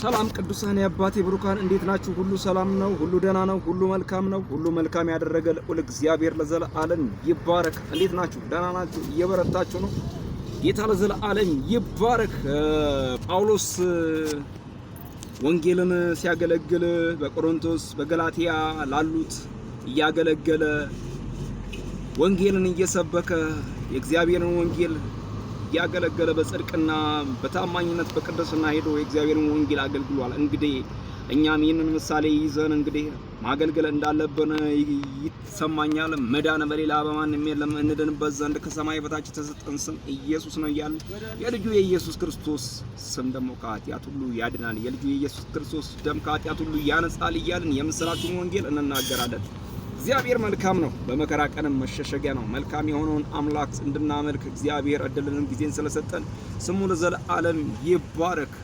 ሰላም ቅዱሳን የአባቴ ብሩካን እንዴት ናችሁ? ሁሉ ሰላም ነው? ሁሉ ደህና ነው? ሁሉ መልካም ነው? ሁሉ መልካም ያደረገ ልዑል እግዚአብሔር ለዘለዓለም ይባረክ። እንዴት ናችሁ? ደህና ናችሁ? እየበረታችሁ ነው? ጌታ ለዘለዓለም ይባረክ። ጳውሎስ ወንጌልን ሲያገለግል በቆሮንቶስ በገላትያ ላሉት እያገለገለ ወንጌልን እየሰበከ የእግዚአብሔርን ወንጌል ያገለገለ በጽድቅና በታማኝነት በቅድስና ሄዶ የእግዚአብሔርን ወንጌል አገልግሏል። እንግዲህ እኛም ይህንን ምሳሌ ይዘን እንግዲህ ማገልገል እንዳለብን ይሰማኛል። መዳን በሌላ በማንም የለም፣ እንድንበት ዘንድ ከሰማይ በታች የተሰጠን ስም ኢየሱስ ነው እያል የልጁ የኢየሱስ ክርስቶስ ስም ደግሞ ከኃጢአት ሁሉ ያድናል፣ የልጁ የኢየሱስ ክርስቶስ ደም ከኃጢአት ሁሉ ያነጻል እያልን የምስራችን ወንጌል እንናገራለን። እግዚአብሔር መልካም ነው፣ በመከራ ቀንም መሸሸጊያ ነው። መልካም የሆነውን አምላክ እንድናመልክ እግዚአብሔር እድልንም ጊዜን ስለሰጠን ስሙ ለዘለዓለም ይባረክ።